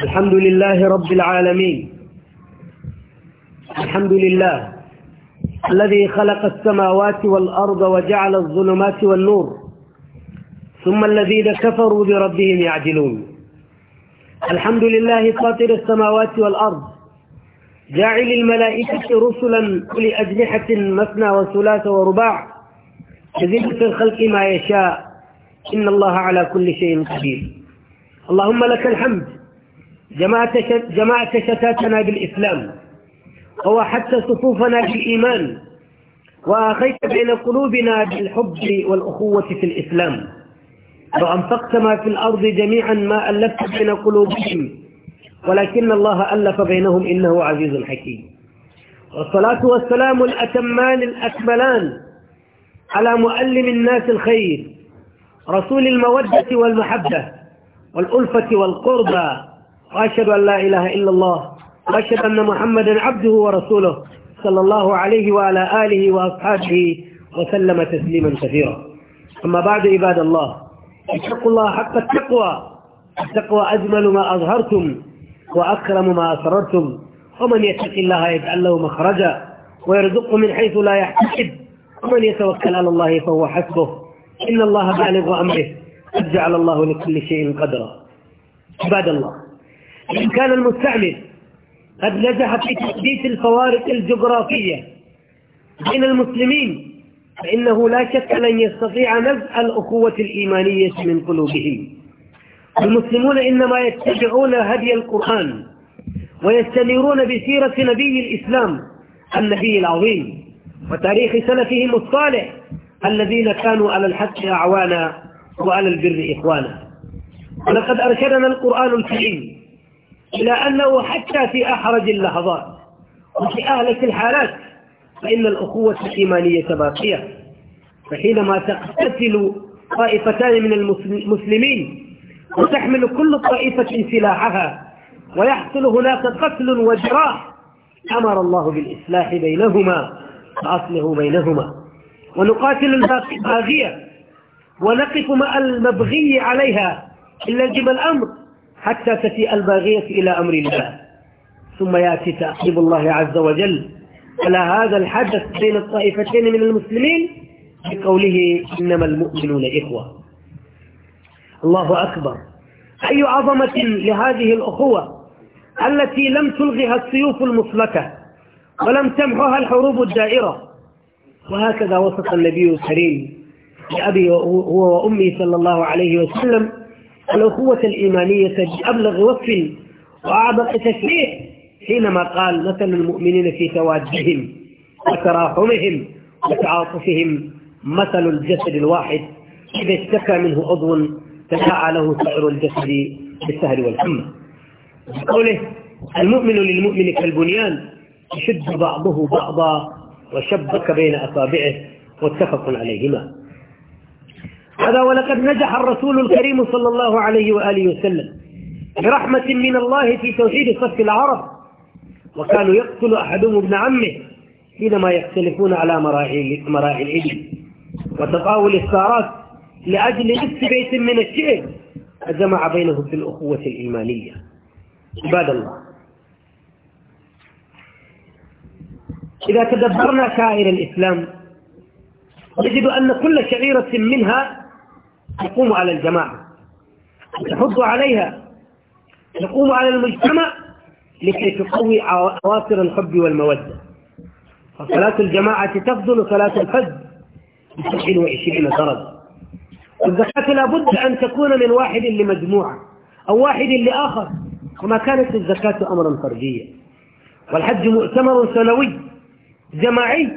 الحمد لله رب العالمين الحمد لله الذي خلق السماوات والأرض وجعل الظلمات والنور ثم الذين كفروا بربهم يعدلون الحمد لله فاطر السماوات والأرض جاعل الملائكة رسلا لأجنحة مثنى وثلاث ورباع يزيد في الخلق ما يشاء إن الله على كل شيء قدير اللهم لك الحمد جمعت شتاتنا بالإسلام ووحدت صفوفنا بالإيمان وأخيت بين قلوبنا بالحب والأخوة في الإسلام وأنفقت ما في الأرض جميعا ما ألفت بين قلوبهم ولكن الله ألف بينهم إنه عزيز حكيم والصلاة والسلام الأتمان الأكملان على مؤلم الناس الخير رسول المودة والمحبة والألفة والقربى وأشهد أن لا إله إلا الله وأشهد أن محمدا عبده ورسوله صلى الله عليه وعلى آله وأصحابه وسلم تسليما كثيرا أما بعد عباد الله اتقوا الله حق التقوى التقوى أجمل ما أظهرتم وأكرم ما أسررتم ومن يتق الله يجعل له مخرجا ويرزقه من حيث لا يحتسب ومن يتوكل على الله فهو حسبه إن الله بالغ أمره قد جعل الله لكل شيء قدرا عباد الله وإن كان المستعمل قد نجح في تحديث الفوارق الجغرافية بين المسلمين فإنه لا شك لن يستطيع نزع الأخوة الإيمانية من قلوبهم المسلمون إنما يتبعون هدي القرآن ويستنيرون بسيرة نبي الإسلام النبي العظيم وتاريخ سلفهم الصالح الذين كانوا على الحق أعوانا وعلى البر إخوانا ولقد أرشدنا القرآن الكريم إلى أنه حتى في أحرج اللحظات وفي أهلك الحالات فإن الأخوة الإيمانية باقية فحينما تقتتل طائفتان من المسلمين وتحمل كل طائفة سلاحها ويحصل هناك قتل وجراح أمر الله بالإصلاح بينهما وأصله بينهما ونقاتل الباغية ونقف مع المبغي عليها إن جب الأمر حتى تسيء الباغية إلى أمر الله ثم يأتي تأخيب الله عز وجل على هذا الحدث بين الطائفتين من المسلمين بقوله إنما المؤمنون إخوة الله أكبر أي عظمة لهذه الأخوة التي لم تلغها السيوف المسلكة ولم تمحها الحروب الدائرة وهكذا وصف النبي الكريم لأبي هو وأمي صلى الله عليه وسلم الأخوة الإيمانية بأبلغ وصف وأعظم تشريع حينما قال مثل المؤمنين في توادهم وتراحمهم وتعاطفهم مثل الجسد الواحد إذا اشتكى منه عضو تداعى له سعر الجسد بالسهر والحمى قوله المؤمن للمؤمن كالبنيان يشد بعضه بعضا وشبك بين أصابعه متفق عليهما هذا ولقد نجح الرسول الكريم صلى الله عليه وآله وسلم برحمة من الله في توحيد صف العرب وكانوا يقتل أحدهم ابن عمه حينما يختلفون على مراعي مراعي وتطاول الثارات لأجل نفس بيت من الشعر فجمع بينهم في الأخوة الإيمانية عباد الله إذا تدبرنا شعائر الإسلام نجد أن كل شعيرة منها تقوم على الجماعة وتحض عليها تقوم على المجتمع لكي تقوي عواصر الحب والمودة فصلاة الجماعة تفضل صلاة الفد ب 29 درجة والزكاة لابد أن تكون من واحد لمجموعة أو واحد لآخر وما كانت الزكاة أمرا فرديا والحج مؤتمر سنوي جماعي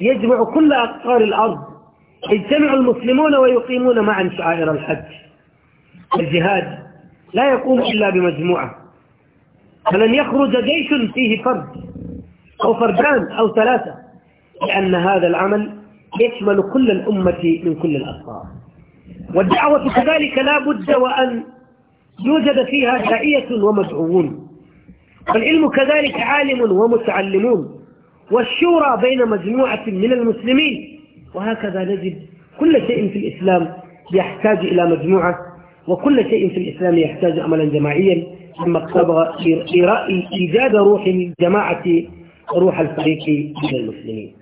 يجمع كل أقطار الأرض يجتمع المسلمون ويقيمون معا شعائر الحج الجهاد لا يقوم إلا بمجموعة فلن يخرج جيش فيه فرد أو فردان أو ثلاثة لأن هذا العمل يشمل كل الأمة من كل الأصفار والدعوة كذلك لا بد وأن يوجد فيها داعية ومدعوون والعلم كذلك عالم ومتعلمون والشورى بين مجموعة من المسلمين وهكذا نجد كل شيء في الإسلام يحتاج إلى مجموعة وكل شيء في الإسلام يحتاج عملا جماعيا ثم اقتضى إيجاد روح الجماعة روح الفريق من المسلمين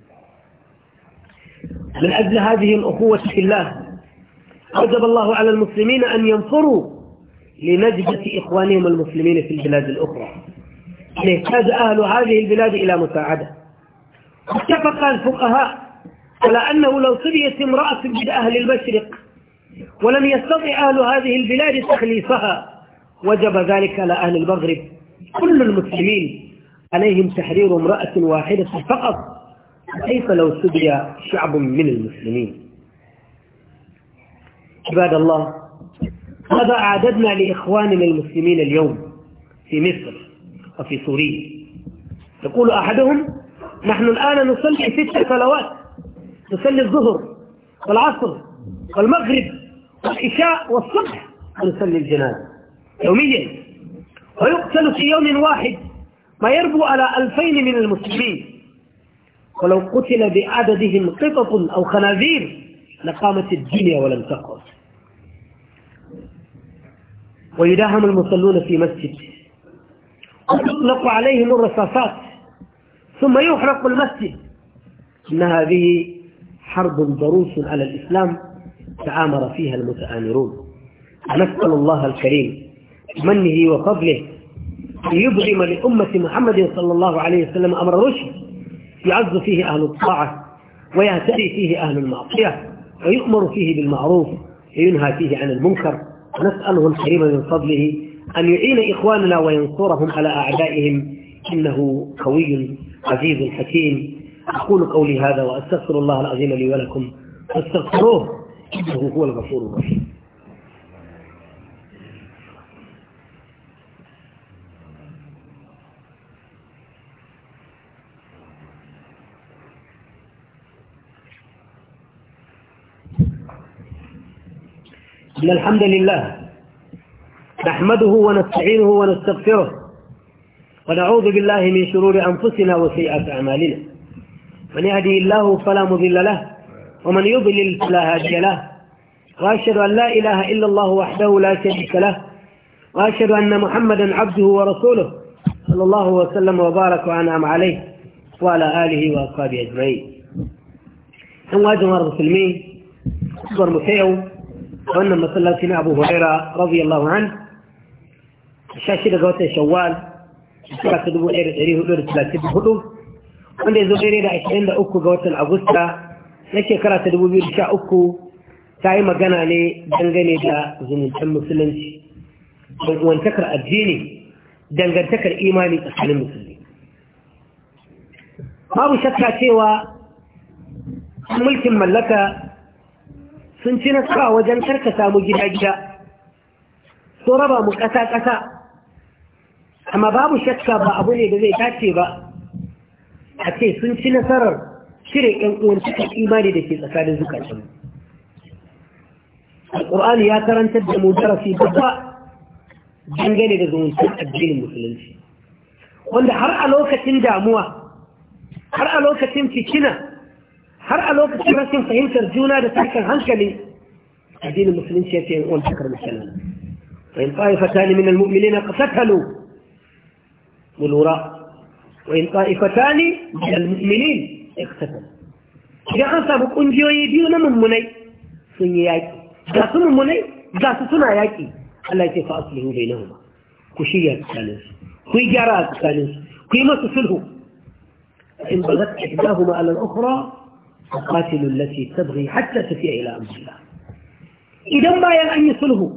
من أجل هذه الأخوة في الله أوجب الله على المسلمين أن ينفروا لنجدة إخوانهم المسلمين في البلاد الأخرى يحتاج يعني أهل هذه البلاد إلى مساعدة اتفق الفقهاء على أنه لو سبيت امرأة من أهل المشرق ولم يستطع أهل هذه البلاد تخليصها وجب ذلك على أهل المغرب كل المسلمين عليهم تحرير امرأة واحدة فقط كيف لو سبي شعب من المسلمين عباد الله ماذا أعددنا لإخواننا المسلمين اليوم في مصر وفي سوريا يقول أحدهم نحن الآن نصلي ست صلوات نصلي الظهر والعصر والمغرب والعشاء والصبح ونصلي الجنازة يوميا ويقتل في يوم واحد ما يربو على ألفين من المسلمين ولو قتل بعددهم قطط أو خنازير لقامت الدنيا ولم تقعد ويداهم المصلون في مسجد وتطلق عليهم الرصاصات ثم يحرق المسجد إن هذه حرب ضروس على الإسلام تعامر فيها المتآمرون نسأل الله الكريم منه وفضله أن يبغم لأمة محمد صلى الله عليه وسلم أمر رشد يعز فيه أهل الطاعة ويهتدي فيه أهل المعصية ويؤمر فيه بالمعروف وينهى فيه عن المنكر نسأله الكريم من فضله أن يعين إخواننا وينصرهم على أعدائهم إنه قوي عزيز حكيم أقول قولي هذا وأستغفر الله العظيم لي ولكم فاستغفروه إنه هو الغفور الرحيم إن الحمد لله نحمده ونستعينه ونستغفره ونعوذ بالله من شرور أنفسنا وسيئات أعمالنا من يهدي الله فلا مضل له ومن يضلل فلا هادي له وأشهد أن لا إله إلا الله وحده لا شريك له وأشهد أن محمدا عبده ورسوله صلى الله وسلم وبارك وأنعم عليه وعلى آله وأصحابه أجمعين ثم واجه مرض سلمين أكبر مسيو وأن مسلاتنا أبو هريرة رضي الله عنه شاشه قوته شوال شاشه ابو هريره عيريه دور wanda ya zo daidai da ashirin da uku ga watan agusta na shekara ta dubu biyu da sha uku ta yi magana ne dangane da zumuntan musulunci wantakar addini dangantakar imani tsakanin musulmi babu shakka cewa mulkin mallaka sun ci nasara wajen karka mu gida-gida sun raba mu ƙasa-ƙasa amma babu shakka ba abu ne da zai tace ba a ce sun ci nasarar cire ‘yan uwan cikin imani da ke tsakanin zukatan. Al'ur'ani ya karantar da mu darasi babba dangane da zumuncin addinin musulunci. Wanda har a lokacin damuwa, har a lokacin fikina har a lokacin rashin fahimtar juna da tashin hankali, addinin musulunci ya ce ‘yan uwan cikin misalin. Fahimta ya fata ne min al-mu'mini na ƙasar وإن طائفتان من المؤمنين اختفوا. يا كان سابق أنجيو يديونا من مني سني ياكي جاسو من مني جاسو سنا ياكي الله يتفع أصله بينهما كشي يتكالوس كي جارا يتكالوس كي ما تسله فإن بغت إحداهما على الأخرى فقاتل التي تبغي حتى تفيع إلى أمر الله إذا ما يرى أن يسله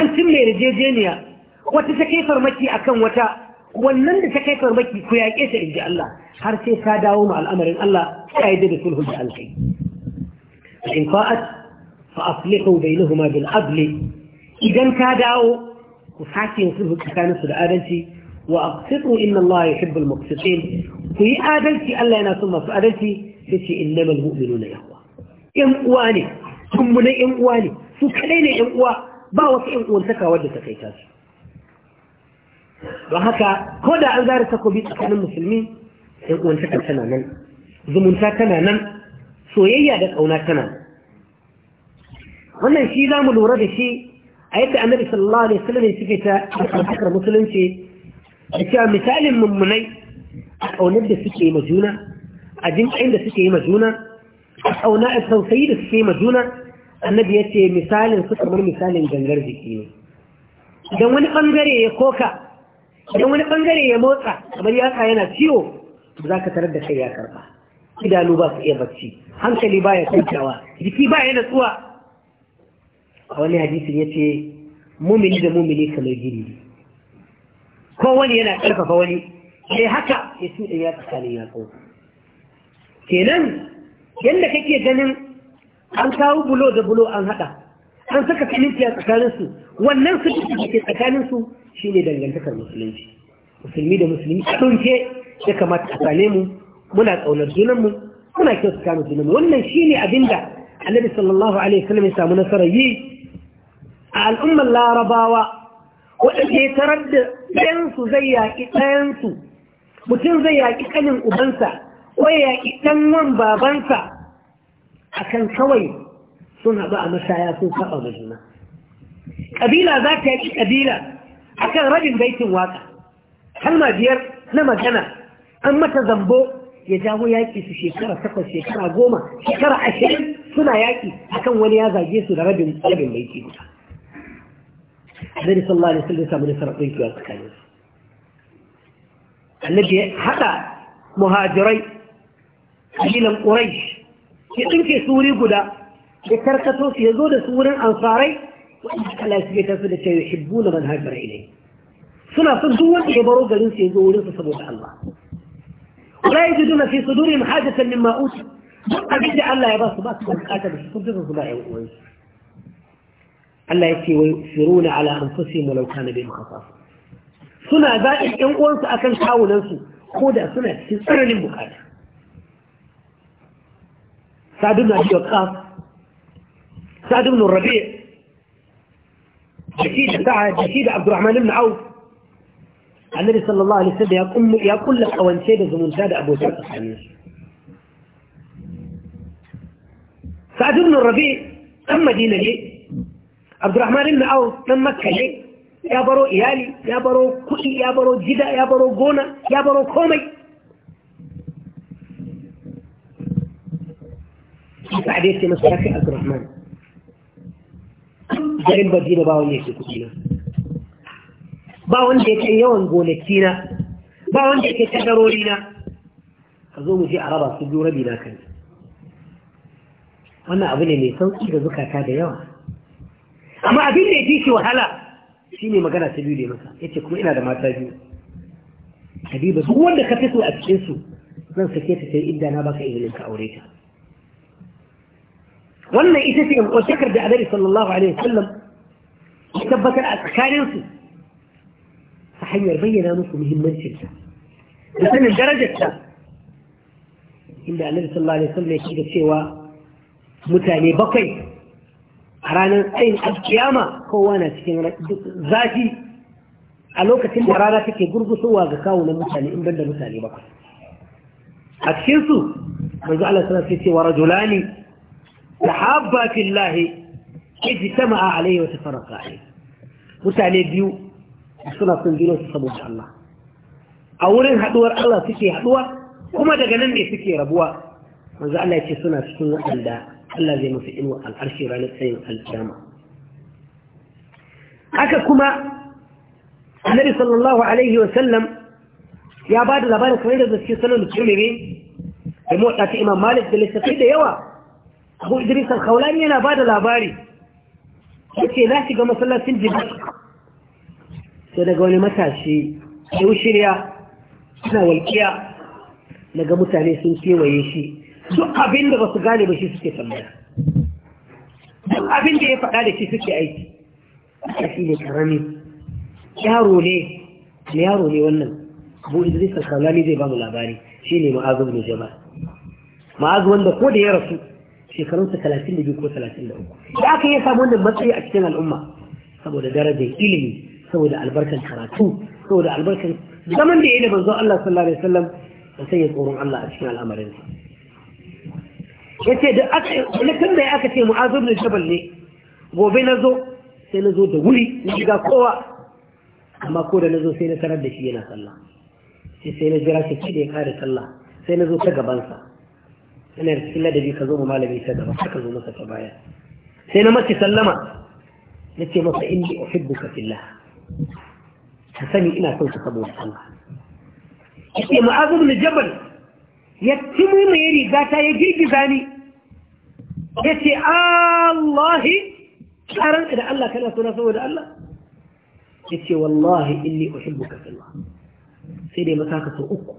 أنتم لي رجيزينيا وتتكيفر متي أكم وتاء wannan da ta kai farmaki ku ya ƙesa inji Allah har sai ta dawo ma al'amarin Allah ta yi da sulhu da alkai in fa'at fa aslihu bainahuma bin adl idan ta dawo ku sake sulhu tsakaninsu da adalci wa aqsitu inna Allah yuhibbu al muqsitin ku yi adalci Allah yana son masu adalci yace innamal mu'minuna yahwa yan uwa ne kun ne yan uwa ne su kadai ne yan uwa ba wasu yan uwantaka wadda ta kai ta su don haka ko da an zara takobi tsakanin musulmi sai uwantaka tana nan zumunta tana nan soyayya da ƙauna tana wannan shi za mu lura da shi a yadda annabi sallallahu alaihi wasallam ya cike ta alƙarƙar musulunci da cewa misalin mummunai a ƙaunar da suke yi ma juna a jinƙa'in da suke yi ma juna a ƙauna a tausayi da suke yi ma juna annabi ya ce misalin su kamar misalin gangar jiki ne idan wani ɓangare ya koka idan wani bangare ya motsa kamar yaka yana ciwo za ka tarar da kai ya karba idanu ba su iya bacci hankali ba ya kwantawa jiki ba ya natsuwa a wani hadisin ya ce mumini da mumini kamar gini ko wani yana karfafa wani sai haka ya shuɗe ya ya yatsu kenan yadda kake ganin an kawo bulo da bulo an haɗa an saka kalinci a tsakaninsu wannan suke da ke tsakaninsu shi ne dangantakar musulunci musulmi da musulmi a ɗauke ya kamata a same mu muna ƙaunar junanmu muna kyautata mu junanmu wannan shi ne abin da annabi sallallahu alaihi wasallam ya samu nasarar yi a al'ummar larabawa waɗanda ya tarar da ɗayansu zai yaƙi ɗayansu mutum zai yaƙi ƙanin ubansa ko ya yaƙi ɗan wan babansa akan kawai sun haɗu a mashaya sun saba juna. ƙabila za ta yi ƙabila a kan rabin baitin waƙa kalma biyar na magana an mata zambo ya jawo yaƙi su shekara takwas shekara goma shekara ashirin suna yaƙi akan wani ya zage su da rabin rabin baiti guda Annabi sallallahu alaihi wasallam ya samu nasarar ɗaukewa tsakanin su Annabi ya haɗa muhajirai kabilan Quraysh ya ɗinke su wuri guda بكركتوس يزود سورا أنصاري ولا سبيت في التي يحبون من هاجر إليه سنة صدول يبرو قلن سيزولون سبوت الله ولا يجدون في صدورهم حاجة مما أوتوا قبل لا يبقى صبات من قاتل سبوت صباعي وقوي الله يكي ويؤثرون على أنفسهم ولو كان بهم خصاصة سنة ذائل ينقونس سأكن شاول أنسو خودا سنة تسرن بكاتا سعد بن أبي وقاص سعد بن الربيع جسيد سعد جسيد عبد الرحمن بن عوف النبي صلى الله عليه وسلم يقول كل لك سيد انسيد سعد أبو سعد سعد بن الربيع اما مدينة ليه عبد الرحمن بن عوف من مكة ليه يا برو ايالي يا برو kuɗi يا برو جدا يا برو غونا يا برو كومي sa'ad ya ce عبد الرحمن garin Madina ba wanda yake kuɗi na ba wanda yake yawan gonakina, na ba wanda yake kadarori na ka zo mu je a raba su biyu rabi na kai wannan abu ne mai sauki da zukata da yawa amma abin da ya fi wahala shi ne magana ta biyu da masa ya ce kuma ina da mata biyu habiba duk wanda ka fito a cikinsu zan sake ta sai inda na baka ilimin ka aure ta wannan ita ce shakar da annabi sallallahu alaihi wasallam ya tabbatar a tsakaninsu ta hanyar bayyana musu muhimmancinta da sanin darajarta inda annabi sallallahu alaihi wasallam ya shiga cewa mutane bakwai a ranar tsayin alkiyama kowa na cikin zafi a lokacin da rana take gurgusowa ga kawunan mutane in banda mutane bakwai a cikinsu manzo Allah sallallahu alaihi wasallam ya ce wa rajulani tahabba fillahi ijtama'a alayhi wa tafarraqa alayhi mutane biyu suna son juna su saboda Allah a wurin haduwar Allah suke haduwa kuma daga nan ne suke rabuwa manzo Allah ya ce suna cikin waɗanda Allah zai musu al arshi ranar al alkiyama haka kuma annabi sallallahu alaihi wa sallam ya bada labarin kamar da suke salon da kirmire da motsa ta imam malik da littattafai da yawa abu idris al-khawlani yana ba da labari yace za shiga masallacin jibril sai daga wani matashi ya shirya suna walƙiya daga mutane sun kewaye shi duk abin da ba su gane ba shi suke tambaya duk abin da ya faɗa da shi suke aiki a shi ne karami yaro ne ne yaro ne wannan abu idris al-khawlani zai ba mu labari shi ne ma'azu ne jama'a ma'azu wanda ko da ya rasu shekarunsa talatin da biyu ko talatin da uku da aka yi samu wannan matsayi a cikin al'umma saboda darajar ilimi saboda albarkar karatu saboda albarkar zaman da ya yi da manzo Allah sallallahu alaihi wasallam da sai ya tsoron Allah a cikin al'amarin Ya yace da aka tun da aka ce mu'azu ibn jabal ne gobe na zo sai na zo da wuri na shiga kowa amma ko da na zo sai na tarar da shi yana sallah sai sai na jira shi da ya kare sallah sai na zo ta gabansa yana da cikin ladabi ka zo ma malami ta gaba ka zo masa ta baya sai na mace sallama na ce masa inni uhibbuka fillah ka sani ina son ka saboda Allah yace ma'azu bin jabal ya timu mai riga ta ya girgiza ni yace Allah karan da Allah kana so na saboda Allah yace wallahi inni uhibbuka fillah sai dai masa ka so uku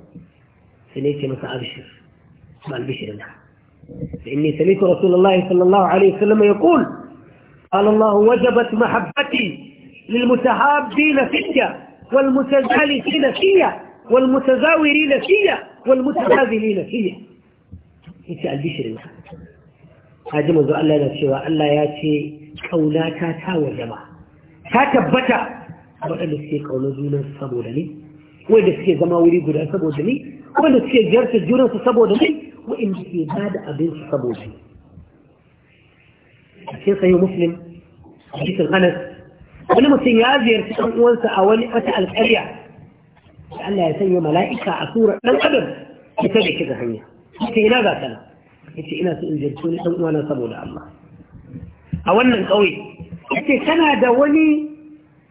sai ne yace masa abshir البشرنا فإني سمعت رسول الله صلى الله عليه وسلم يقول قال الله وجبت محبتي للمتحابين فيا والمتزالفين فيا والمتزاورين فيا والمتنازلين فيا إنت البشرنا هذا منذ الله نفسه الله ياتي قولاتا تا وجبا ta tabbata waɗanda suke ƙaunar junan saboda ni wanda suke zama wuri guda saboda ni wanda suke ziyartar junansu saboda ni wa'inda ke bada da abinci saboda a cikin sayi muslim a cikin wani mutum ya ziyarci ɗan uwansa a wani wata alƙarya da Allah ya sanya mala'ika a sura ɗan adam ita da shi ga hanya ita ina ga sana yace ina so in ziyarci wani ɗan uwana saboda Allah a wannan ƙauye yace kana da wani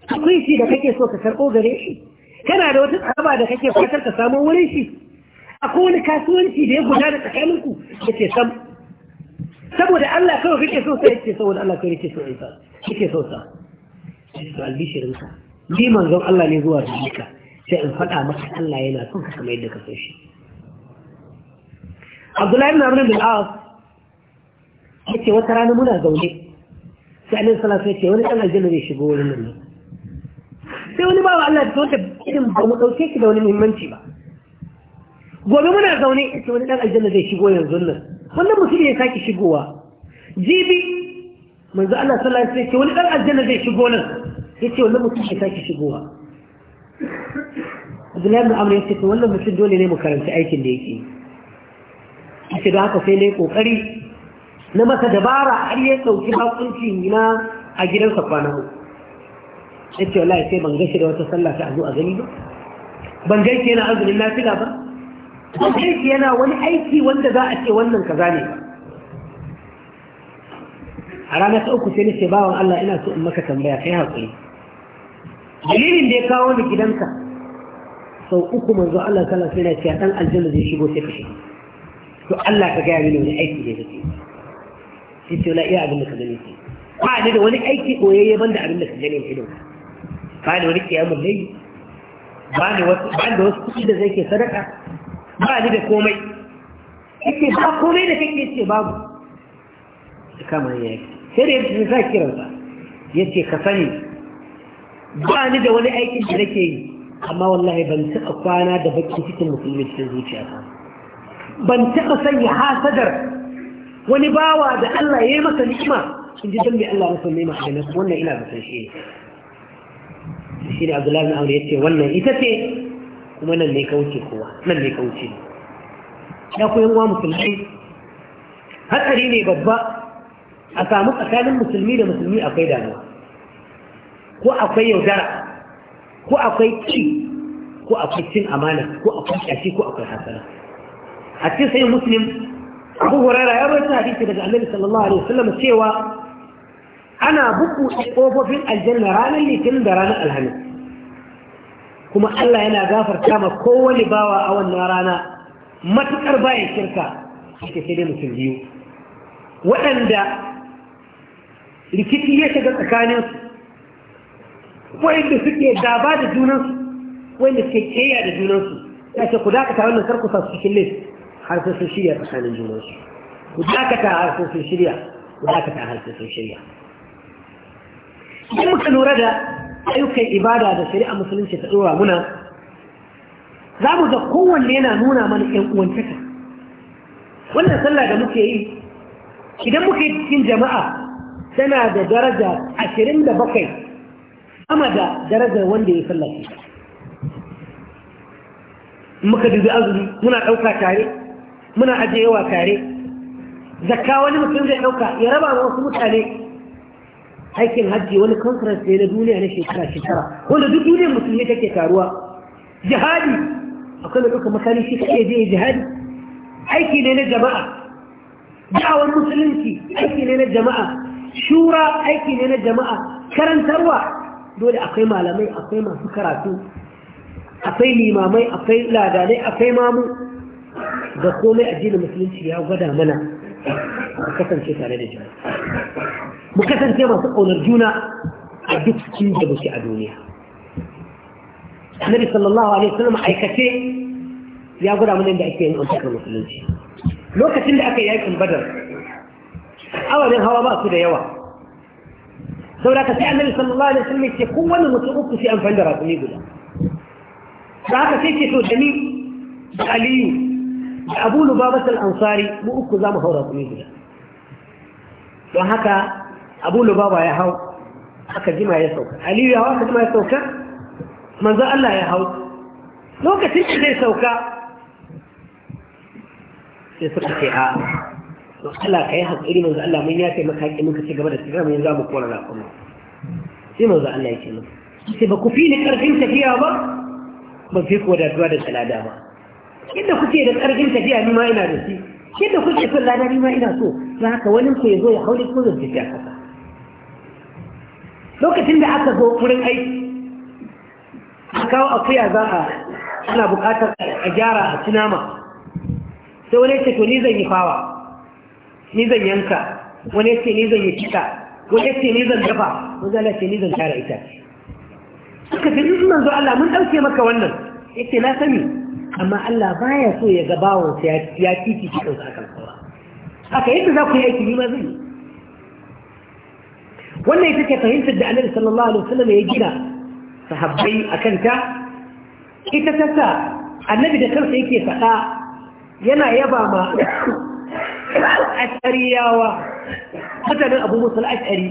tukunci da kake so ka karɓo gare shi kana da wata tsaba da kake fatar ka samo wurin shi akwai wani kasuwanci da ya gudana tsakaninku ya ce sam saboda Allah kawai kake so sai ce saboda Allah kawai kake so isa kake so sa to albishirin ka ni manzon Allah ne zuwa da sai in faɗa maka Allah yana son ka kamar yadda ka so shi Abdullahi ibn Amr bin Al-As yace wata rana muna zaune sai Annabi sallallahu alaihi wasallam ya wani dan aljanna zai shigo wurin nan sai wani bawa Allah da ta wata irin ba mu dauke shi da wani muhimmanci ba gobe muna zaune ita wani dan aljanna zai shigo yanzu nan wannan mutum ya saki shigowa jibi manzo Allah sallallahu alaihi wasallam wani dan aljanna zai shigo nan yace wannan mutum ya saki shigowa Abdullahi ibn Amr yace to wannan mutum dole ne mu karanta aikin da yake yace da haka sai ne kokari na masa dabara har ya dauki bakunci na a gidansa kwana uku yace wallahi sai ban gashi da wata sallah a zo a gani ba ban gaishe na azumin lafiya ba domin yana wani aiki wanda za a ce wannan kaza ne a rana ta uku sai nace bawan Allah ina so in maka tambaya kai hakuri dalilin da ya kawo ni gidanka sau uku manzo Allah sallallahu alaihi wasallam ya ce dan aljanna zai shigo sai kashi. to Allah ka ga mini wani aiki da kake shi ce la iya abin da ka gani ke ba ni da wani aiki koyayye banda abin da ka gani ke don ba ni wani kiyamul layl ba ni wasu ba wasu kudi da zai ke sadaka ba ni da komai yake ba komai da kake ce babu da kama ya yake sai da yadda za kiransa ya ce ka sani ba ni da wani aikin da nake yi amma wallahi ban taɓa kwana da bakin cikin musulmi cikin zuciya ta ban taɓa sanya hasadar wani bawa da Allah ya yi masa ni'ima in ji dambe Allah masa nema a wannan ina zaton shi ne shi ne abdullahi na aure ya ce wannan ita ce kuma nan ne ka wuce kowa nan ne ka wuce ya koyan wa musulmi hatsari ne babba a samu tsakanin musulmi da musulmi akwai damuwa ko akwai yaudara ko akwai ki ko akwai cin amana ko akwai kyashi ko akwai hasara a cikin sai musulmi abu huraira ya rawaita hadisi daga annabi sallallahu alaihi wasallam cewa ana buku kofofin aljanna ranar litinin da ranar alhamis kuma Allah yana gafarta ma kowani bawa a wannan rana matukar bayan shirka shi sai dai mutum biyu waɗanda rikici ya shiga tsakanin tsakaninsu wanda suke gaba da junan junansu wanda suke keya da junan junansu ya ce ku dakata wannan karkusa su cikin list har sai sun shirya tsakanin junansu ku dakata har sai sun shirya ku dakata har sai sun shirya idan muka lura da ayyukan ibada da shari'a musulunci ta ɗora muna za mu ga kowanne yana nuna mana ‘yan uwantaka wannan sallah da muke yi idan muke cikin jama'a tana da daraja ashirin da bakwai sama da darajar wanda ya sallah muka dubi azumi muna ɗauka tare muna ajiyewa tare zakka wani mutum zai ɗauka ya raba wasu mutane aikin hajji wani conference ne na duniya na shekara shekara wanda duk duniyar musulmi take taruwa jihadi akwai da duka makani shi kake je jihadi aiki ne na jama'a da'awar musulunci aiki ne na jama'a shura aiki ne na jama'a karantarwa dole akwai malamai akwai masu karatu akwai limamai akwai ladanai akwai mamu da komai addinin musulunci ya gwada mana mu kasance tare da juna mu kasance masu ƙaunar juna a duk cikin da muke a duniya annabi sallallahu alaihi wasallam aikace ya gura mana da ake yin antakar musulunci lokacin da aka yi yakin badar awarin hawa ba su da yawa saboda ka sai annabi sallallahu alaihi wasallam ya ce kowanne mutum uku sai amfani da rakumi guda da haka sai ce to da ni da aliyu da abu lubabatar al-ansari mu uku za mu haura kuma gida don haka abu lubaba ya hau aka jima ya sauka aliyu ya hau aka jima ya sauka manzo Allah ya hau lokacin da zai sauka sai suka ce a don Allah ka yi haƙuri manzo Allah mun ya kai maka haƙi muka ci gaba da tsira mun za mu kora da kuma sai manzo Allah ya ce mu sai ba ku fi ni ƙarfin tafiya ba ba fi ku da da salada ba inda kuke da ƙarfin tafiya ni ma ina da shi yadda kuke son rana ni ma ina so don haka wani ku ya zo ya haure ko zan tafiya kasa lokacin da aka zo wurin aiki a kawo akuya za a ana buƙatar a gyara a cinama sai wani ce to ni zan yi fawa ni zan yanka wani ce ni zan yi cika wani ce ni zan dafa wani ala ce ni zan tara ita suka ce in manzo Allah mun ɗauke maka wannan yake na sani amma Allah baya so ya ga bawon ya titi ki ɗauka kan kowa haka yadda za ku yi aiki ma zai wannan ita ce fahimtar da annabi sallallahu alaihi wasallam ya gina sahabbai a kanta ita ta sa annabi da kansa yake faɗa yana yaba ma al'ashariyawa mutanen abu musul al'ash'ari.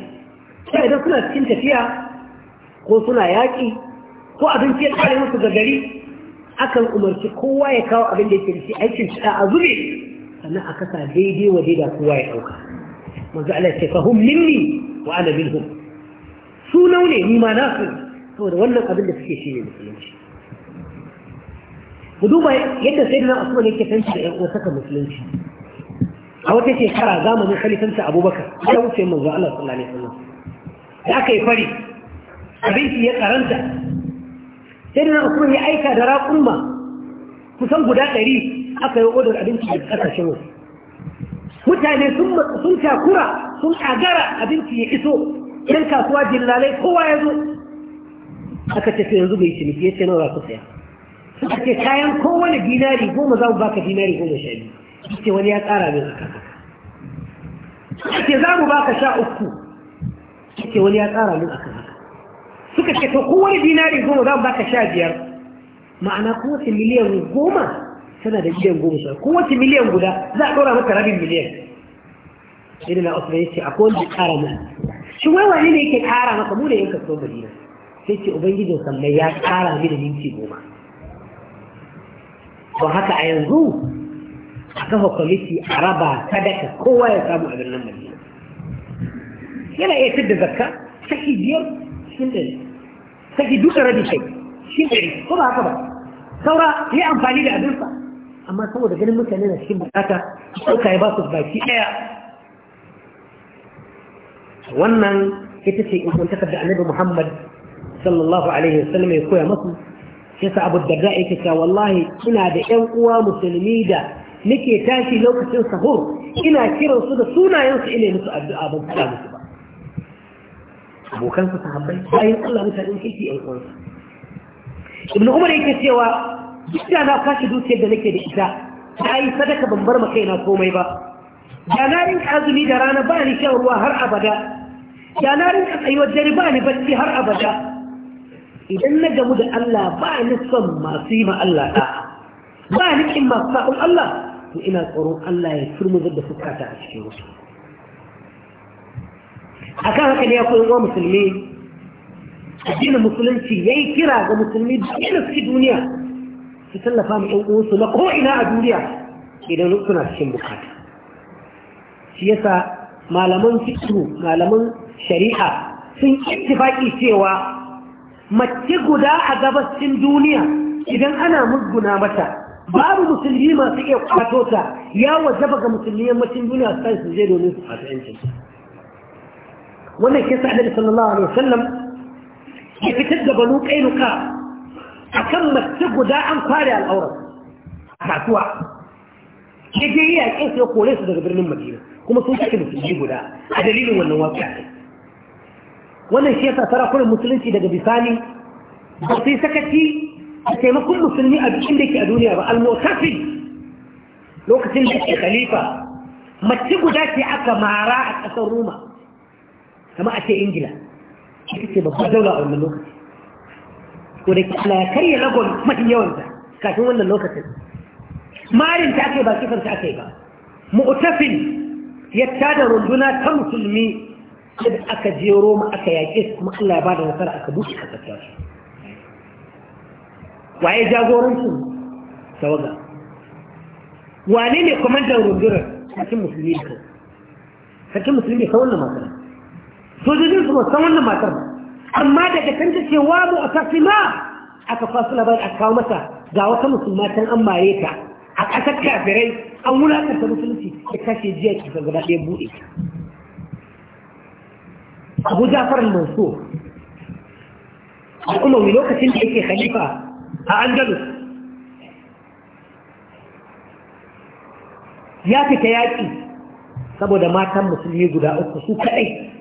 sai idan suna cikin tafiya ko suna yaƙi ko abinci ya tsare musu ga gari akan umarci kowa ya kawo abin da yake da shi aikin shi a zube sannan a kasa daidai wa daida kowa ya ɗauka manzo Allah ce fahum minni wa ana minhum su naune ni ma na su saboda wannan abin da suke shi ne musulunci ku duba yadda sai na asuwa ne ke tanci da ƴan saka musulunci a wata shekara zamanin ta abubakar ya wuce manzo Allah sallallahu alaihi wasallam da aka yi fari abinci ya karanta sai da usman ya aika da raƙumma kusan guda ɗari aka yi odar abinci da ƙasashen wasu mutane sun takura sun agara abinci ya iso yan kasuwa jirnalai kowa ya zo aka ce yanzu bai ciniki ya ce nawa ku saya suka ce kayan kowane dinari goma za mu baka dinari goma sha biyu ce wani ya tsara min a suka Ake za mu baka sha uku Ake wani ya tsara min haka suka ce to kowane dinari goma za mu baka sha biyar ma'ana kowace miliyan goma tana da miliyan goma sha kowace miliyan guda za a ɗora maka rabin miliyan irin na usman yace akwai wanda ƙara mana shi wai wani ne yake ƙara maka mu da yanka so madina sai ce ubangijin sammai ya ƙara mini minti goma to haka a yanzu a kafa kwamiti a raba sadaka kowa ya samu a birnin madina yana iya fidda zakka saki biyar cikin ɗari saki duka rabi kai cikin ɗari ko ba haka ba saura ya amfani da abinsa amma saboda ganin mutane na cikin bukata ɗauka ya ba su baki ɗaya wannan ita ce in kuntakar da annabi muhammad sallallahu alaihi wasallam ya koya masu sa abu darda yake cewa wallahi ina da ƴan uwa musulmi da nake tashi lokacin sahur ina kiran su da sunayensu ina musu addu'a ban fada musu abokansa sahabbai bayan Allah mutanen kirki ɗan uwansa ibn umar yake cewa duk da na kashi dukiyar da nake da ita na yi sadaka ban bar maka yana komai ba da na rinka azumi da rana ba ni shan har abada da na rinka tsayuwar dare ba ni bacci har abada idan na gamu da Allah ba ni son masu yi ma Allah da'a ba ni kin masu sa'un Allah to ina tsoron Allah ya turmuzar da fuskata a cikin wasu akan haka ne ya koyi wa musulmi addinin musulunci ya yi kira ga musulmi da suke duniya su tallafa mu ɗan uwansu na ko'ina a duniya idan suna cikin bukata shi yasa malaman fikiru malaman shari'a sun ittifaki cewa mace guda a gabashin duniya idan ana musguna mata babu musulmi masu iya kwato ta ya wajaba ga musulmi yammacin duniya su je domin su fata 'yancin wannan ke sa annabi sallallahu alaihi wasallam ya fitar da banu kainuka akan mace guda an kware al'aura kasuwa ke je ya ke su kore su daga birnin madina kuma sun kashe musulmi guda a dalilin wannan waƙa wannan shi yasa sarakunan musulunci daga bisani ba sai sakaci a taimakon musulmi a cikin da ke a duniya ba al-mutafi lokacin da ke khalifa mace guda ce aka mara a ƙasar roma kamar a ce ingila ita ce babbar daula a wannan lokaci ko da ala ya karya lagon mafi yawansa kafin wannan lokacin marin ta ake ba kifar ta ake ba mu'tafin ya tada runduna ta musulmi da aka je roma aka yaƙe su kuma allah ya ba da nasara aka bushe a tsakiyar su waye jagoransu tawaga wane ne kwamandan rundunar sarkin musulmi ne kawai sarkin musulmi da kawai wannan masana sojojin su san wannan matar amma daga kan ta ce wa mu asasima aka fasu labar a kawo masa ga wata musulma tan an maye ta a ƙasar kafirai an ta musulunci da kashe jiya ke gaba ɗaya buɗe abu jafar kuma wani lokacin da yake khalifa a andalus ya fita yaƙi saboda matan musulmi guda uku su kaɗai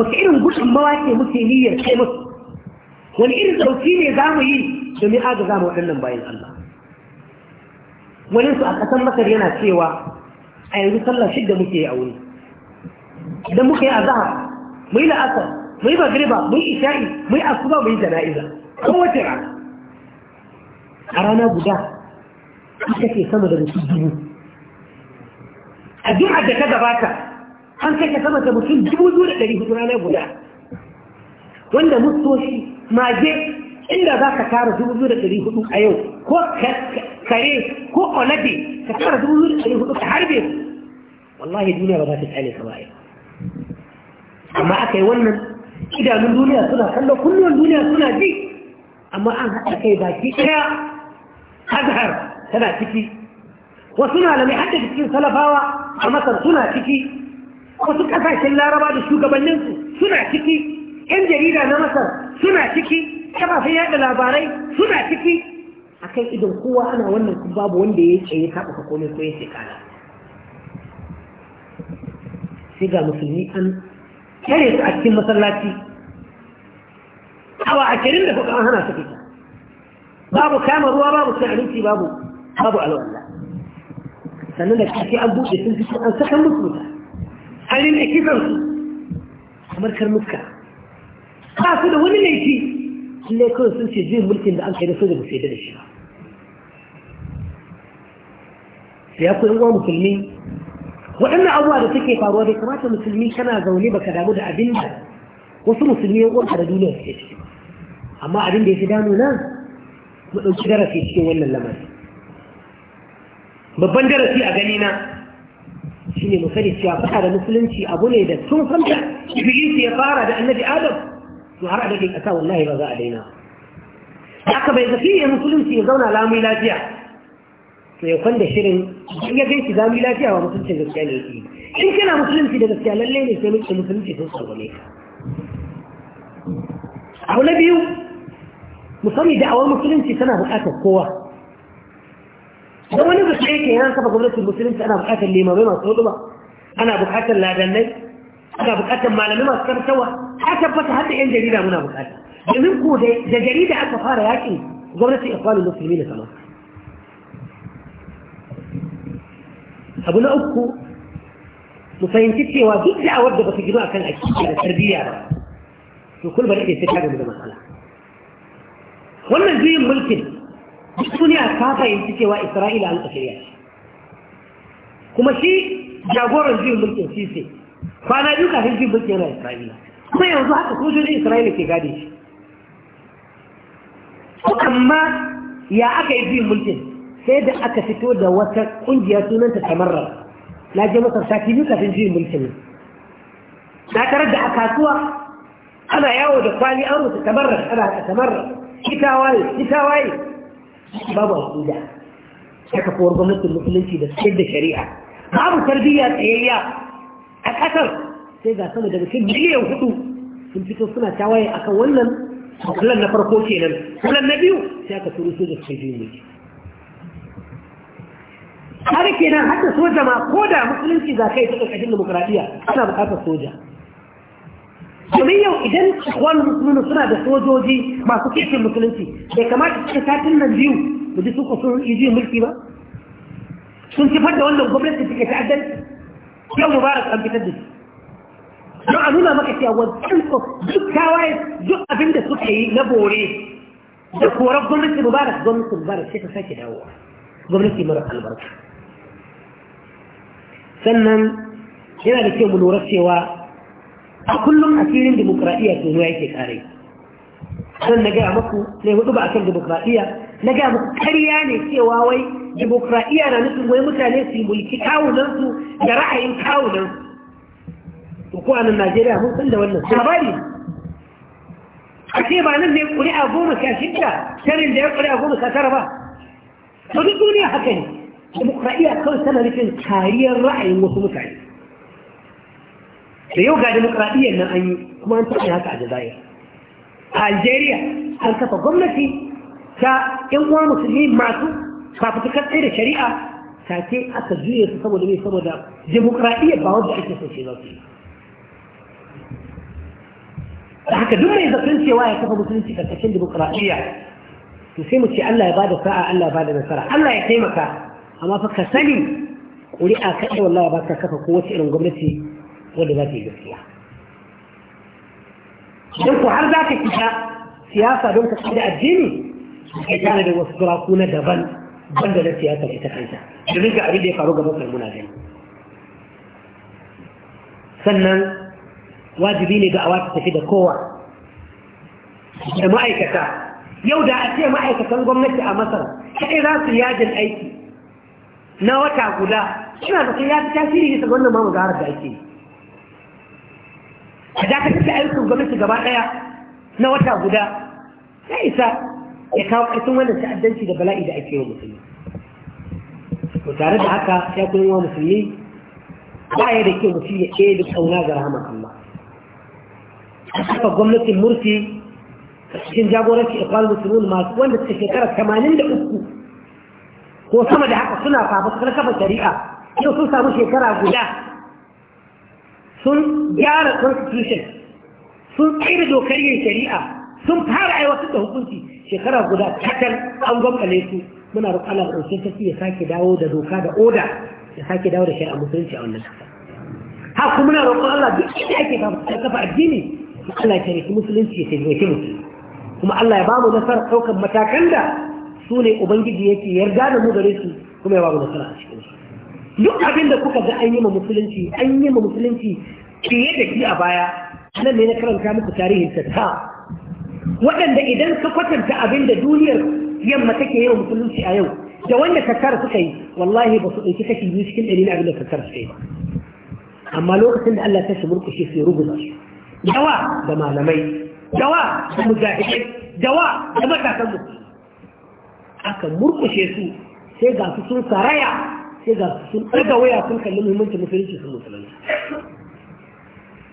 wata irin gudunmawa ce muke niyyar kai musu wani irin ɗauki ne za mu yi domin agaza mu waɗannan bayan Allah wani su a ƙasar masar yana cewa a yanzu sallar shidda muke yi a wuri idan muka yi azahar mu yi la'asar mu yi magriba mu yi isha'i mu yi asuba mu yi jana'iza kowace rana a rana guda ita ke sama da mutum dubu addu'ar da ta gabata an kai ta sama da mutum dubu biyu da ɗari hudu rana guda wanda mustoshi mage inda za ka tara dubu biyu da ɗari hudu a yau ko kare ko olabe ka tara dubu biyu da ɗari hudu ka harbe wallahi duniya ba za ta tsale ka ba amma aka yi wannan idanun duniya suna kallo kunnuwan duniya suna ji amma an haɗa kai baki ɗaya azhar tana ciki wasu malamai hadda cikin salafawa a masar suna ciki wasu kasashen laraba da shugabanninsu suna ciki yan jarida na masar suna ciki kafafen yada labarai suna ciki a kan idan kowa ana wannan babu wanda ya ce ya taɓa ka komai ko ya ce kala sai ga musulmi an tare su a cikin masallaci awa kerin da kuka an hana su fita babu kama ruwa babu cin abinci babu babu alwala sannan da kake an buɗe sun fito an sakan musu an rina su. kamar karnuka ba su da wani laifi lalle kawai sun ce zai mulkin da an kai da soja da sai da shi ba ya kuwa musulmi waɗannan abuwa da suke faruwa bai kamata musulmi kana zaune baka damu da abin da wasu musulmi ya uwa da duniya suke ciki amma abin da ya fi damu na mu ɗauki darasi cikin wannan lamarin babban darasi a gani na shine ne sani cewa faɗa da musulunci abu ne da tun san da iblis ya fara da annabi adam to har a dade kasa wallahi ba za a daina haka bai zafi ya musulunci ya zauna lamu lafiya to ya kwanda shirin in ya gaishe zamu lafiya wa musulunci gaskiya ne yake in kana musulunci da gaskiya lalle ne sai muke musulunci sun tsarwane ka abu na biyu mu da'awar musulunci tana buƙatar kowa حكيتي هنا سبق قلت المسلمين أنا بحاجة اللي ما بينا صدمة أنا بحاجة اللي أدني أنا بحاجة ما لم يمسكر سوا حاجة بس هذه إن جديدة منا بحاجة من قوة ده جديدة أنت فارة ياكي قلت إخوان المسلمين كمان أبونا أبكو مفاين تتي واجد لا أود بس جدوا أكل أكيد على التربية وكل بريد يستشعر من المسألة والنزيم ملكي duniya ta fahimci cewa isra'ila an tafiya kuma shi jagoran jin mulkin sise kwana biyu kafin jin mulkin yana isra'ila kuma yanzu haka sojojin isra'ila ke gade shi amma ya aka yi jin mulkin sai da aka fito da wata kungiya sunanta tamarra na je masar sati biyu kafin jin mulkin na tarar da a kasuwa ana yawo da kwali an rubuta tamarra ana tamarra ita waye ita babu ya haka kowar gwamnatin musulunci da sayar da shari'a babu tarbiyya tsayayya a ƙasar sai ga sama daga cikin miliyan hudu sun fito suna tawaye akan wannan kullum na farko kenan wannan na biyu sai aka turu su da suke biyu ne har kenan hatta soja ma ko da musulunci za kai ta ƙarƙashin demokuraɗiyya ana buƙatar soja domin yau idan kwan musulmi suna da sojoji masu kishin musulunci bai kamata cikin satin nan biyu da ji suka sun yi mulki ba sun kifar da wannan gwamnati suke ta'addar yau mubarak an fitar da shi don a nuna maka cewa wajen duk tawaye duk abin da suka yi na bore da korar gwamnati mubarak gwamnati mubarak sai ta sake dawowa gwamnati mara albarka sannan yana da kyau mu lura cewa a kullum asirin demokradiyya ke ruwa yake kare don na gaya muku ne hudu ba a kan demokradiyya na gaya muku karya ne cewa wai demokradiyya na nufin wai mutane su mulki kawunansu da ra'ayin kawunansu to ko a najeriya mun san da wannan labari a ce ba nan ne a goma sha shida sharin da ya a goma sha tara ba to duk duniya haka ne demokradiyya kawai tana nufin kariyar ra'ayin wasu mutane da yau ga demokradiyyar nan an yi kuma an taɓa haka a jazair a algeria an kafa gwamnati ta yan uwa musulmi masu fafutukar tsaye da shari'a take aka juye su saboda mai saboda demokradiyyar ba wanda ake son shi za su da haka duk mai zafin cewa ya kafa musulunci karkashin demokradiyya to sai mu ce Allah ya bada sa'a Allah ya bada nasara Allah ya taimaka amma fa ka sani ƙuri'a kaɗai wallahi ba ka kafa ko wace irin gwamnati wanda za ta yi gaskiya don ku har za ka fita siyasa don ka fita addini ka tana da wasu turaku na daban banda na siyasa ita kanta domin ka abin da ya faru ga kai muna gani sannan wajibi ne ga awa ta tafi da kowa da ma'aikata yau da a ce ma'aikatan gwamnati a masar kaɗai za su yajin aiki na wata guda suna da ya fi tasiri bisa wannan mamu ga da ake yi a dakatar da ayyukan gwamnati gaba ɗaya na wata guda ya isa ya kawo ƙarfin wannan ta'addanci da bala'i da ake yi musulmi to tare da haka ya kuma wa musulmi ba ya da kyau mutum ya ce da tsauna ga rahaman Allah haka gwamnatin mursi cikin jagoranci ikwal musulmi masu wanda suka shekara tamanin da uku ko sama da haka suna fafa kafa shari'a yau sun samu shekara guda sun gyara constitution sun tsira dokar yin shari'a sun fara aiwatar da hukunci shekara guda takal an gwamnale su muna roƙon Allah da ya sake dawo da doka da oda ya sake dawo da shari'a musulunci a wannan kasa ha kuma muna roƙon Allah duk inda ake kafa addini Allah ya tariki musulunci ya taimake ki kuma Allah ya bamu nasarar ɗaukar matakan da su ne Ubangiji yake yarda da mu gare su kuma ya bamu nasara a cikin su. duk abin da kuka ga an yi ma musulunci an yi ma musulunci fiye da shi a baya nan ne na karanta muku tarihin ta waɗanda idan ka kwatanta abin da duniyar yamma take yi wa musulunci a yau da wanda kakkar suka yi wallahi ba su ɗauki kashi biyu cikin ɗari na abin da kakkar suka yi ba amma lokacin da Allah ta shi murkushe sai rubuta su dawa da malamai dawa da mujahidai dawa da matakan musulunci aka murkushe su sai ga su sun saraya sai ga sun ɗaga waya sun kalli muhimmancin musulunci sun musulunci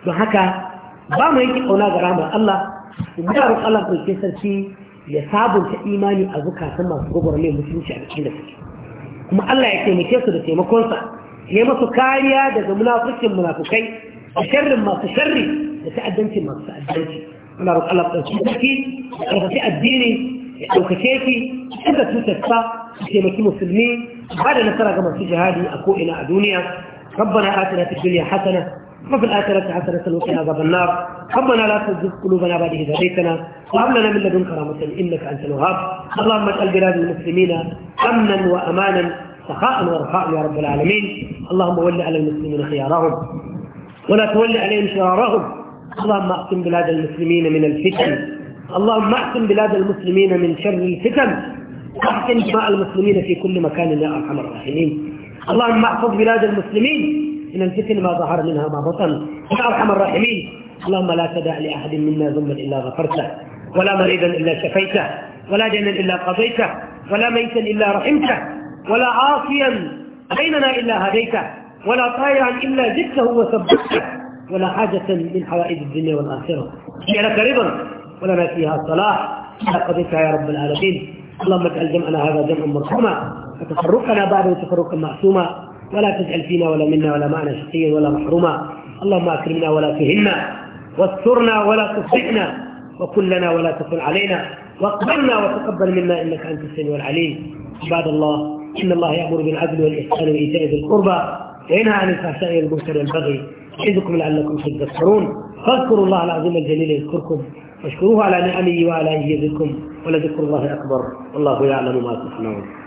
don haka ba mu yake ƙauna ga ramar Allah muna roƙon Allah ko ke sarki ya sabunta imani a zukatan masu gwagwarmai musulunci a cikin da suke kuma Allah ya taimake su da taimakonsa ya masu kariya daga munafukin munafukai da sharrin masu sharri da ta'addanci masu ta'addanci muna roƙon Allah ko ke sarki ya addini ya ɗaukace shi inda tutarsa su taimaki musulmi بعد نصر كما في جهادي إلى الدنيا ربنا آتنا في الدنيا حسنة وفي الآخرة حسنة وفي عذاب النار ربنا لا تزغ قلوبنا بعد إذا هديتنا وهب لنا من لدنك رحمة إنك أنت الوهاب اللهم اجعل بلاد المسلمين أمنا وأمانا سخاء ورخاء يا رب العالمين اللهم ول على المسلمين خيارهم ولا تول عليهم شرارهم اللهم اقسم بلاد المسلمين من الفتن اللهم اقسم بلاد المسلمين من شر الفتن واحسن دماء المسلمين في كل مكان يا ارحم الراحمين اللهم احفظ بلاد المسلمين من الفتن ما ظهر منها ما بطن يا ارحم الراحمين اللهم لا تدع لاحد منا ذنبا الا غفرته ولا مريضا الا شفيته ولا دينا الا قضيته ولا ميتا الا رحمته ولا عاصيا بيننا الا هديته ولا طائعا الا زدته وثبته ولا حاجه من حوائج الدنيا والاخره هي لك رضا ولنا فيها صلاح قضيتها يا رب العالمين اللهم اجعل جمعنا هذا جمعا مرحوما وتفرقنا بعده تفرقا معصوما ولا تجعل فينا ولا منا ولا معنا شقيا ولا محروما اللهم اكرمنا ولا تهنا واسترنا ولا تخطئنا وكلنا ولا تكن علينا واقبلنا وتقبل منا انك انت السميع العليم عباد الله ان الله يامر بالعدل والاحسان وايتاء ذي القربى وينهى عن الفحشاء والمنكر والبغي يعظكم لعلكم تذكرون فاذكروا الله العظيم الجليل يذكركم واشكروه على نعمه ان يزدكم ولذكر الله أكبر والله يعلم ما تصنعون